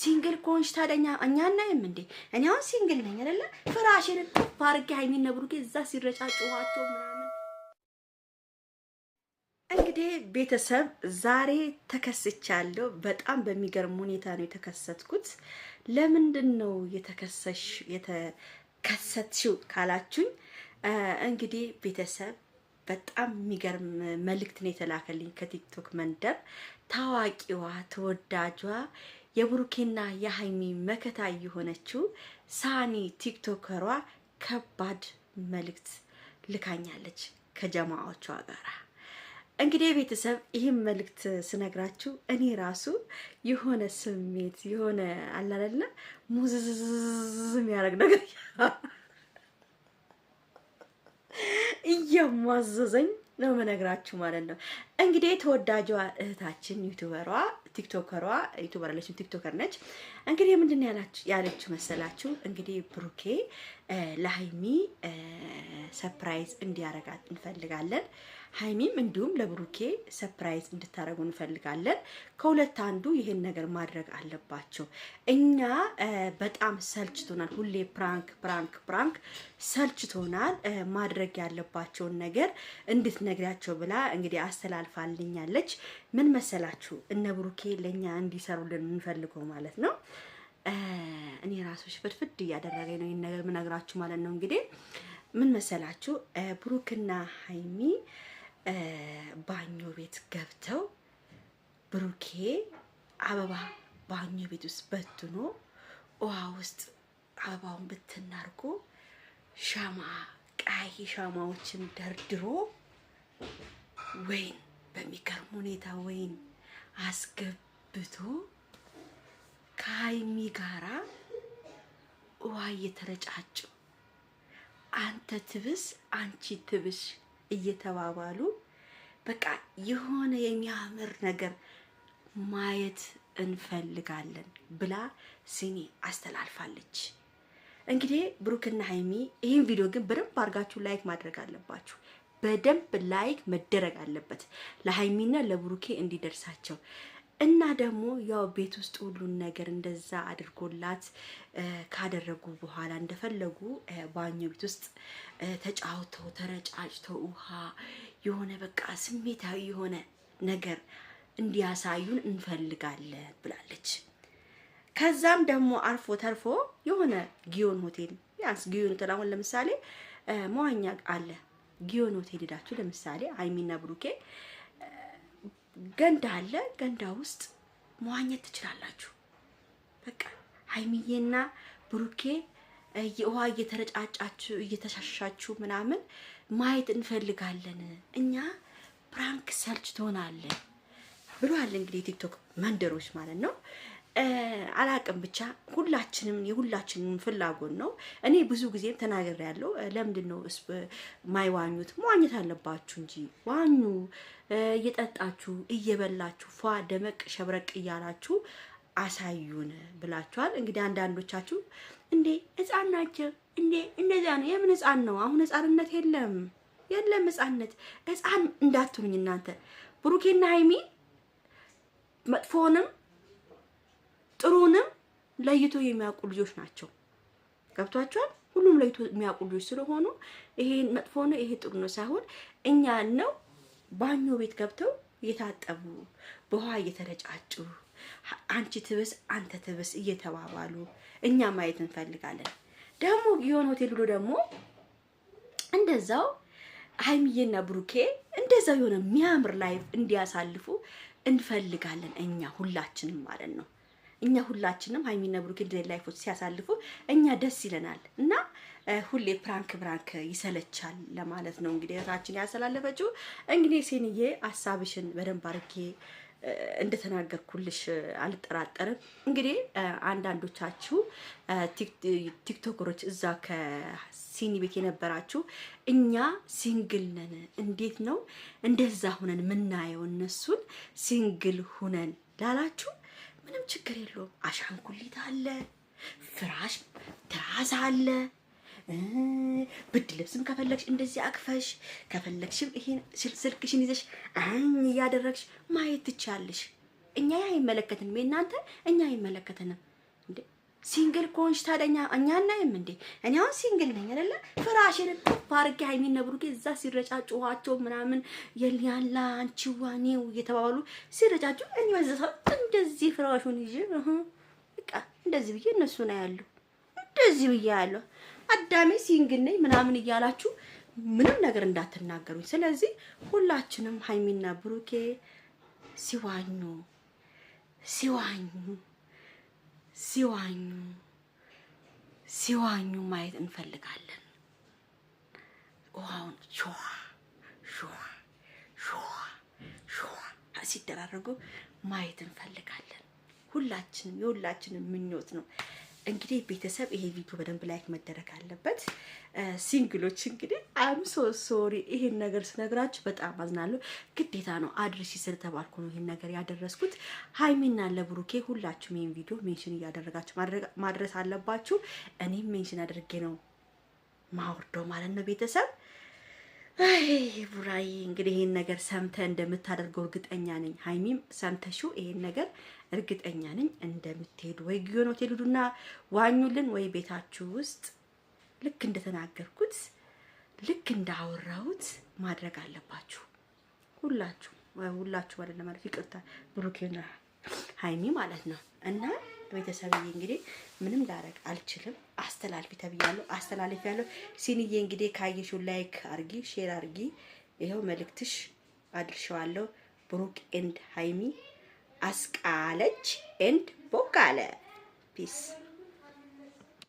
ሲንግል ኮንሽ ታደኛ እኛ እናይም እንዴ? እኔ አሁን ሲንግል ነኝ አይደለ? ፍራሽን ፓርክ አድርጌ ሀይሚን ነብሩጌ እዛ ሲረጫጭኋቸው ምናምን። እንግዲህ ቤተሰብ ዛሬ ተከስቻለሁ። በጣም በሚገርም ሁኔታ ነው የተከሰትኩት። ለምንድን ነው የተከሰሽ የተከሰትሽው ካላችሁኝ፣ እንግዲህ ቤተሰብ በጣም የሚገርም መልእክት ነው የተላከልኝ ከቲክቶክ መንደር ታዋቂዋ ተወዳጇ የብሩኬና የሀይሚ መከታ የሆነችው ሳኒ ቲክቶከሯ ከባድ መልእክት ልካኛለች ከጀማዎቿ ጋር እንግዲህ ቤተሰብ ይህም መልእክት ስነግራችሁ እኔ ራሱ የሆነ ስሜት የሆነ አላለና ሙዝዝዝ የሚያደርግ ነገር እያሟዘዘኝ ነው መነግራችሁ ማለት ነው። እንግዲህ ተወዳጇ እህታችን ዩቱበሯ ቲክቶከሯ ዩቱበር አለችም ቲክቶከር ነች። እንግዲህ ምንድን ያለችው መሰላችሁ? እንግዲህ ብሩኬ ለሀይሚ ሰፕራይዝ እንዲያረጋት እንፈልጋለን ሀይሚም እንዲሁም ለብሩኬ ሰፕራይዝ እንድታደረጉ እንፈልጋለን። ከሁለት አንዱ ይህን ነገር ማድረግ አለባቸው። እኛ በጣም ሰልችቶናል። ሁሌ ፕራንክ ፕራንክ ፕራንክ ሰልችቶናል። ማድረግ ያለባቸውን ነገር እንድትነግሪያቸው ብላ እንግዲህ አስተላልፋልኛለች። ምን መሰላችሁ እነ ብሩኬ ለእኛ እንዲሰሩልን የምንፈልገው ማለት ነው። እኔ ራሱ ሽፍድፍድ እያደረገኝ ነው ይህን ነገር ምነግራችሁ ማለት ነው። እንግዲህ ምን መሰላችሁ ብሩክና ሀይሚ ባኞ ቤት ገብተው ብሩኬ አበባ ባኞ ቤት ውስጥ በትኖ ውሃ ውስጥ አበባውን ብትናርጎ ሻማ ቀይ ሻማዎችን ደርድሮ ወይን በሚገርም ሁኔታ ወይን አስገብቶ ከሀይሚ ጋራ ውሃ እየተረጫጩ አንተ ትብስ አንቺ ትብሽ እየተባባሉ በቃ የሆነ የሚያምር ነገር ማየት እንፈልጋለን ብላ ሲኒ አስተላልፋለች። እንግዲህ ብሩክና ሀይሚ ይህን ቪዲዮ ግን በደንብ አድርጋችሁ ላይክ ማድረግ አለባችሁ። በደንብ ላይክ መደረግ አለበት ለሀይሚና ለብሩኬ እንዲደርሳቸው እና ደግሞ ያው ቤት ውስጥ ሁሉን ነገር እንደዛ አድርጎላት ካደረጉ በኋላ እንደፈለጉ ባኞ ቤት ውስጥ ተጫውተው ተረጫጭተው ውሃ የሆነ በቃ ስሜታዊ የሆነ ነገር እንዲያሳዩን እንፈልጋለን ብላለች። ከዛም ደግሞ አልፎ ተርፎ የሆነ ጊዮን ሆቴል ቢያንስ ጊዮን ሆቴል አሁን ለምሳሌ መዋኛ አለ። ጊዮን ሆቴል ሄዳችሁ ለምሳሌ ሀይሚና ብሩኬ ገንዳ አለ። ገንዳ ውስጥ መዋኘት ትችላላችሁ። በቃ ሀይሚዬና ብሩኬ ውሃ እየተረጫጫችሁ እየተሻሻችሁ ምናምን ማየት እንፈልጋለን እኛ ፕራንክ ሰርች ትሆናለን ብሏል። እንግዲህ የቲክቶክ መንደሮች ማለት ነው። አላቅም ብቻ ሁላችንም የሁላችንም ፍላጎት ነው። እኔ ብዙ ጊዜም ተናገር ያለው ለምንድን ነው ማይዋኙት? መዋኘት አለባችሁ እንጂ ዋኙ። እየጠጣችሁ እየበላችሁ ፏ ደመቅ ሸብረቅ እያላችሁ አሳዩን ብላችኋል። እንግዲህ አንዳንዶቻችሁ እንዴ ህፃን ናቸው እንዴ እንደዚያ ነው። የምን ህፃን ነው? አሁን ህፃንነት የለም የለም ህፃንነት ህፃን እንዳትሉኝ እናንተ ብሩኬና ሀይሚ መጥፎንም ጥሩንም ለይቶ የሚያውቁ ልጆች ናቸው። ገብቷቸዋል። ሁሉም ለይቶ የሚያውቁ ልጆች ስለሆኑ ይሄ መጥፎ ነው፣ ይሄ ጥሩ ነው ሳይሆን እኛ ነው ባኞ ቤት ገብተው እየታጠቡ በውሃ እየተረጫጩ አንቺ ትብስ አንተ ትብስ እየተባባሉ እኛ ማየት እንፈልጋለን። ደግሞ የሆነ ሆቴል ብሎ ደግሞ እንደዛው ሀይሚዬና ብሩኬ እንደዛው የሆነ የሚያምር ላይፍ እንዲያሳልፉ እንፈልጋለን እኛ ሁላችንም ማለት ነው። እኛ ሁላችንም ሀይሚና ብሩኬ እንደዚህ ላይፎች ሲያሳልፉ እኛ ደስ ይለናል እና ሁሌ ፕራንክ ፕራንክ ይሰለቻል ለማለት ነው። እንግዲህ እህታችን ያስተላለፈችው እንግዲህ ሴንዬ ሀሳብሽን በደንብ አርጌ እንደተናገርኩልሽ አልጠራጠርም። እንግዲህ አንዳንዶቻችሁ ቲክቶከሮች እዛ ከሲኒ ቤት የነበራችሁ እኛ ሲንግል ነን፣ እንዴት ነው እንደዛ ሁነን ምናየው እነሱን ሲንግል ሁነን ላላችሁ ምንም ችግር የለውም። አሻንጉሊት አለ፣ ፍራሽ ትራስ አለ። ብድ ልብስም ከፈለግሽ እንደዚህ አቅፈሽ ከፈለግሽም ይሄን ስልክሽን ይዘሽ አን እያደረግሽ ማየት ትቻለሽ። እኛ አይመለከትንም፣ የእናንተ እኛ አይመለከተንም። ሲንግል ኮንሽ ታደኛ እኛ እናይም እንዴ? እኔ አሁን ሲንግል ነኝ አይደለ? ፍራሽን ፓርክ አድርጌ ሀይሚን ነብሩጌ እዛ ሲረጫጩ ውሃቸው ምናምን የሊያላ አንቺ ዋኔው እየተባባሉ ሲረጫጩ እኔ በዛ ሰዓት እንደዚህ ፍራሹን ይዤ በቃ እንደዚህ ብዬ እነሱ ነው ያሉ እንደዚህ ብዬ ያለሁ አዳሜ ሲንግል ነኝ ምናምን እያላችሁ ምንም ነገር እንዳትናገሩኝ። ስለዚህ ሁላችንም ሃይሚና ብሩኬ ሲዋኙ ሲዋኙ ሲዋኙ ሲዋኙ ማየት እንፈልጋለን። ውሃውን ሸዋ ሸዋ ሸዋ ሸዋ ሲደራረጉ ማየት እንፈልጋለን። ሁላችንም የሁላችንም ምኞት ነው። እንግዲህ ቤተሰብ ይሄ ቪዲዮ በደንብ ላይክ መደረግ አለበት። ሲንግሎች እንግዲህ አም ሶ ሶሪ ይሄን ነገር ስነግራችሁ በጣም አዝናለሁ። ግዴታ ነው አድርሽ ስለተባልኩ ነው ይሄን ነገር ያደረስኩት። ሀይሚና ለብሩኬ ሁላችሁም ይሄን ቪዲዮ ሜንሽን እያደረጋችሁ ማድረስ አለባችሁ። እኔም ሜንሽን አድርጌ ነው ማውርዶ ማለት ነው ቤተሰብ አይ ቡራይ እንግዲህ ይህን ነገር ሰምተ እንደምታደርገው እርግጠኛ ነኝ። ሀይሚም ሰምተሹ ይሄን ነገር እርግጠኛ ነኝ እንደምትሄዱ ወይ ጊዮን ሆቴል ሂዱና ዋኙልን፣ ወይ ቤታችሁ ውስጥ ልክ እንደተናገርኩት ልክ እንዳወራሁት ማድረግ አለባችሁ። ሁላችሁ ሁላችሁ ማለት ለማለት ይቅርታ፣ ብሩኬና ሀይሚ ማለት ነው እና ቤተሰብዬ እንግዲህ ምንም ላረግ አልችልም። አስተላልፊ ተብያለሁ፣ አስተላልፍ ያለሁ ሲንዬ እንግዲህ ካየሽው ላይክ አርጊ፣ ሼር አርጊ። ይኸው መልእክትሽ አድርሸዋለሁ። ብሩክ ኤንድ ሃይሚ አስቃለች ኤንድ ቦክ ፒስ